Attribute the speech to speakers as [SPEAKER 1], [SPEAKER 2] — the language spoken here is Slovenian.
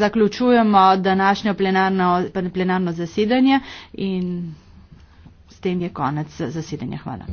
[SPEAKER 1] Zaključujemo današnjo plenarno, plenarno zasedanje in s tem je konec zasedanja. Hvala.